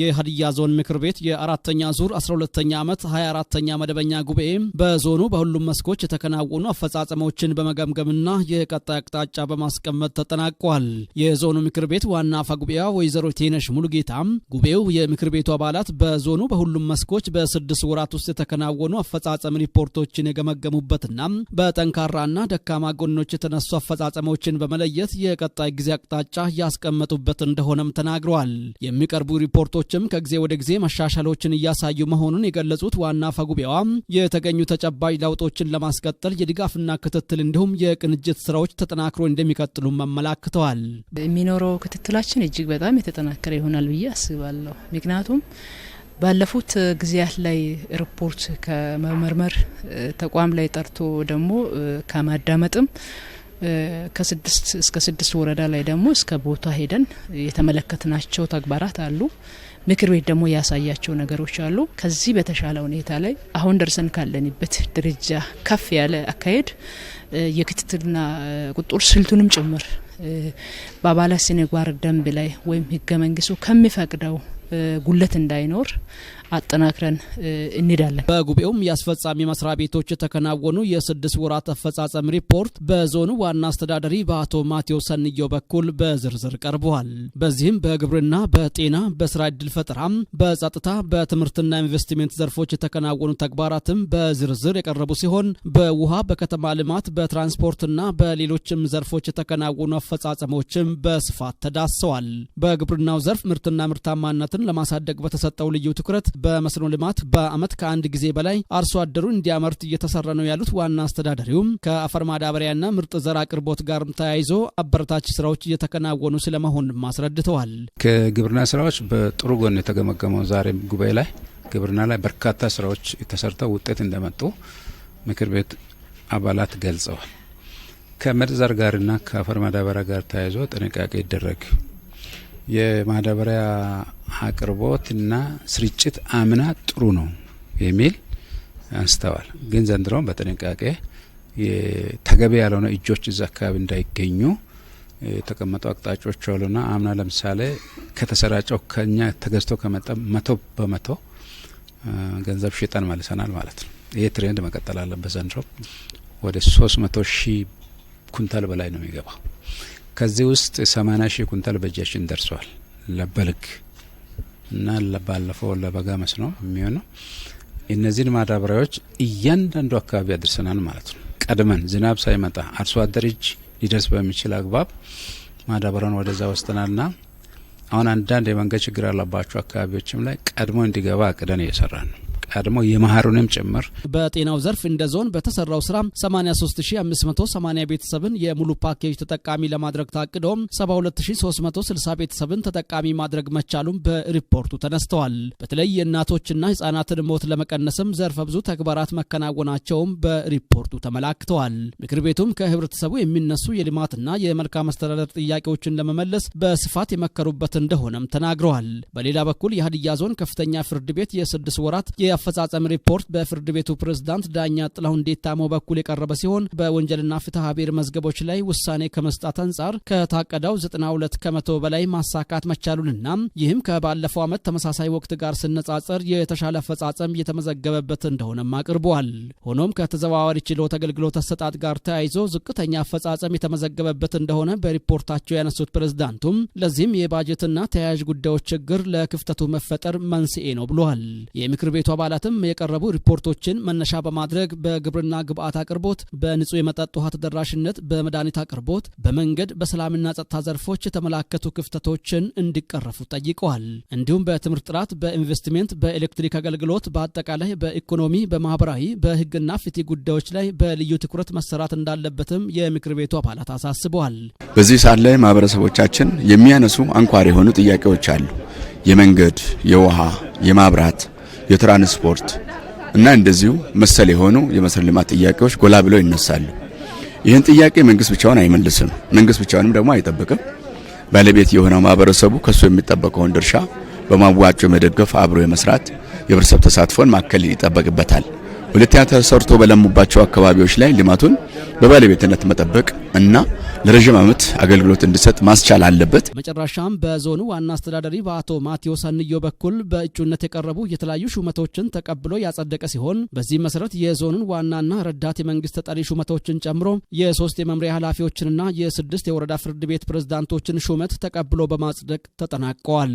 የሀዲያ ዞን ምክር ቤት የአራተኛ ዙር 12ተኛ ዓመት 24ተኛ መደበኛ ጉባኤ በዞኑ በሁሉም መስኮች የተከናወኑ አፈጻጸሞችን በመገምገምና የቀጣይ አቅጣጫ በማስቀመጥ ተጠናቋል። የዞኑ ምክር ቤት ዋና አፈ ጉባኤዋ ወይዘሮ ቴነሽ ሙሉጌታም ጉባኤው የምክር ቤቱ አባላት በዞኑ በሁሉም መስኮች በስድስት ወራት ውስጥ የተከናወኑ አፈጻጸም ሪፖርቶችን የገመገሙበትና በጠንካራና ደካማ ጎኖች የተነሱ አፈጻጸሞችን በመለየት የቀጣይ ጊዜ አቅጣጫ ያስቀመጡበት እንደሆነም ተናግረዋል። የሚቀርቡ ሪፖርቶች ሪፖርቶችም ከጊዜ ወደ ጊዜ መሻሻሎችን እያሳዩ መሆኑን የገለጹት ዋና ፈጉቤዋ የተገኙ ተጨባጭ ለውጦችን ለማስቀጠል የድጋፍና ክትትል እንዲሁም የቅንጅት ስራዎች ተጠናክሮ እንደሚቀጥሉ አመላክተዋል። የሚኖረው ክትትላችን እጅግ በጣም የተጠናከረ ይሆናል ብዬ አስባለሁ። ምክንያቱም ባለፉት ጊዜያት ላይ ሪፖርት ከመመርመር ተቋም ላይ ጠርቶ ደግሞ ከማዳመጥም ከስድስት እስከ ስድስት ወረዳ ላይ ደግሞ እስከ ቦታ ሄደን የተመለከትናቸው ተግባራት አሉ። ምክር ቤት ደግሞ ያሳያቸው ነገሮች አሉ። ከዚህ በተሻለ ሁኔታ ላይ አሁን ደርሰን ካለንበት ደረጃ ከፍ ያለ አካሄድ የክትትልና ቁጥጥር ስልቱንም ጭምር በአባላት ስነ ምግባር ደንብ ላይ ወይም ህገ መንግስቱ ከሚፈቅደው ጉለት እንዳይኖር አጠናክረን እንሄዳለን። በጉባኤውም የአስፈጻሚ መስሪያ ቤቶች የተከናወኑ የስድስት ወራት አፈጻጸም ሪፖርት በዞኑ ዋና አስተዳደሪ በአቶ ማቴዎ ሰንየው በኩል በዝርዝር ቀርበዋል። በዚህም በግብርና፣ በጤና፣ በስራ ዕድል ፈጠራም፣ በጸጥታ፣ በትምህርትና ኢንቨስትሜንት ዘርፎች የተከናወኑ ተግባራትም በዝርዝር የቀረቡ ሲሆን በውሃ፣ በከተማ ልማት፣ በትራንስፖርትና በሌሎችም ዘርፎች የተከናወኑ አፈጻጸሞችም በስፋት ተዳሰዋል። በግብርናው ዘርፍ ምርትና ምርታማነትን ለማሳደግ በተሰጠው ልዩ ትኩረት በመስኖ ልማት በአመት ከአንድ ጊዜ በላይ አርሶ አደሩ እንዲያመርት እየተሰራ ነው ያሉት ዋና አስተዳደሪውም ከአፈር ማዳበሪያና ምርጥ ዘር አቅርቦት ጋር ተያይዞ አበረታች ስራዎች እየተከናወኑ ስለመሆንም አስረድተዋል። ከግብርና ስራዎች በጥሩ ጎን የተገመገመው ዛሬ ጉባኤ ላይ ግብርና ላይ በርካታ ስራዎች ተሰርተው ውጤት እንደመጡ ምክር ቤት አባላት ገልጸዋል። ከምርጥ ዘር ጋርና ከአፈር ማዳበሪያ ጋር ተያይዞ ጥንቃቄ ይደረግ የማዳበሪያ አቅርቦትና ስርጭት አምና ጥሩ ነው የሚል አንስተዋል። ግን ዘንድሮም በጥንቃቄ ተገቢ ያልሆነ እጆች እዚ አካባቢ እንዳይገኙ የተቀመጡ አቅጣጫዎች አሉና አምና ለምሳሌ ከተሰራጨው ከኛ ተገዝቶ ከመጣ መቶ በመቶ ገንዘብ ሽጠን መልሰናል ማለት ነው። ይሄ ትሬንድ መቀጠል አለበት። ዘንድሮ ወደ ሶስት መቶ ሺህ ኩንታል በላይ ነው የሚገባው። ከዚህ ውስጥ ሰማኒያ ሺህ ኩንታል በእጃችን ደርሷል ለበልግ እና ባለፈው ለበጋ መስኖ የሚሆነው እነዚህን ማዳበሪያዎች እያንዳንዱ አካባቢ አድርሰናል ማለት ነው። ቀድመን ዝናብ ሳይመጣ አርሶ አደር እጅ ሊደርስ በሚችል አግባብ ማዳበሪያውን ወደዛ ና አሁን አንዳንድ የመንገድ ችግር ያለባቸው አካባቢዎችም ላይ ቀድሞ እንዲገባ አቅደን እየሰራ ነው። ደግሞ የመኸሩንም ጭምር በጤናው ዘርፍ እንደ ዞን በተሰራው ስራ 83580 ቤተሰብን የሙሉ ፓኬጅ ተጠቃሚ ለማድረግ ታቅዶም 72360 ቤተሰብን ተጠቃሚ ማድረግ መቻሉም በሪፖርቱ ተነስተዋል። በተለይ የእናቶችና ህጻናትን ሞት ለመቀነስም ዘርፈ ብዙ ተግባራት መከናወናቸውም በሪፖርቱ ተመላክተዋል። ምክር ቤቱም ከህብረተሰቡ የሚነሱ የልማትና የመልካም አስተዳደር ጥያቄዎችን ለመመለስ በስፋት የመከሩበት እንደሆነም ተናግረዋል። በሌላ በኩል የሀዲያ ዞን ከፍተኛ ፍርድ ቤት የስድስት ወራት አፈጻጸም ሪፖርት በፍርድ ቤቱ ፕሬዝዳንት ዳኛ ጥላሁን ዴታሞ በኩል የቀረበ ሲሆን በወንጀልና ፍትሐ ብሔር መዝገቦች ላይ ውሳኔ ከመስጣት አንጻር ከታቀደው 92 ከመቶ በላይ ማሳካት መቻሉንና ይህም ከባለፈው ዓመት ተመሳሳይ ወቅት ጋር ስነጻጸር የተሻለ አፈጻጸም እየተመዘገበበት እንደሆነም አቅርበዋል። ሆኖም ከተዘዋዋሪ ችሎት አገልግሎት አሰጣጥ ጋር ተያይዞ ዝቅተኛ አፈጻጸም የተመዘገበበት እንደሆነ በሪፖርታቸው ያነሱት ፕሬዝዳንቱም ለዚህም የባጀትና ተያያዥ ጉዳዮች ችግር ለክፍተቱ መፈጠር መንስኤ ነው ብሏል። የምክር ቤቱ አባላት አካላትም የቀረቡ ሪፖርቶችን መነሻ በማድረግ በግብርና ግብአት አቅርቦት፣ በንጹህ የመጠጥ ውሃ ተደራሽነት፣ በመድኃኒት አቅርቦት፣ በመንገድ በሰላምና ጸጥታ ዘርፎች የተመላከቱ ክፍተቶችን እንዲቀረፉ ጠይቀዋል። እንዲሁም በትምህርት ጥራት፣ በኢንቨስትሜንት፣ በኤሌክትሪክ አገልግሎት፣ በአጠቃላይ በኢኮኖሚ፣ በማህበራዊ፣ በህግና ፍትህ ጉዳዮች ላይ በልዩ ትኩረት መሰራት እንዳለበትም የምክር ቤቱ አባላት አሳስበዋል። በዚህ ሰዓት ላይ ማህበረሰቦቻችን የሚያነሱ አንኳር የሆኑ ጥያቄዎች አሉ። የመንገድ፣ የውሃ፣ የማብራት የትራንስፖርት እና እንደዚሁ መሰል የሆኑ የመሰረተ ልማት ጥያቄዎች ጎላ ብለው ይነሳሉ። ይህን ጥያቄ መንግስት ብቻውን አይመልስም። መንግስት ብቻውንም ደግሞ አይጠብቅም። ባለቤት የሆነው ማህበረሰቡ ከሱ የሚጠበቀውን ድርሻ በማዋጮ መደገፍ፣ አብሮ የመስራት የህብረተሰብ ተሳትፎን ማከል ይጠበቅበታል። ሁለተኛ ተሰርቶ በለሙባቸው አካባቢዎች ላይ ልማቱን በባለቤትነት መጠበቅ እና ለረዥም ዓመት አገልግሎት እንዲሰጥ ማስቻል አለበት። መጨረሻም በዞኑ ዋና አስተዳዳሪ በአቶ ማቴዎስ አንዮ በኩል በእጩነት የቀረቡ የተለያዩ ሹመቶችን ተቀብሎ ያጸደቀ ሲሆን በዚህ መሰረት የዞኑን ዋናና ረዳት የመንግስት ተጠሪ ሹመቶችን ጨምሮ የሶስት የመምሪያ ኃላፊዎችንና የስድስት የወረዳ ፍርድ ቤት ፕሬዝዳንቶችን ሹመት ተቀብሎ በማጽደቅ ተጠናቀዋል።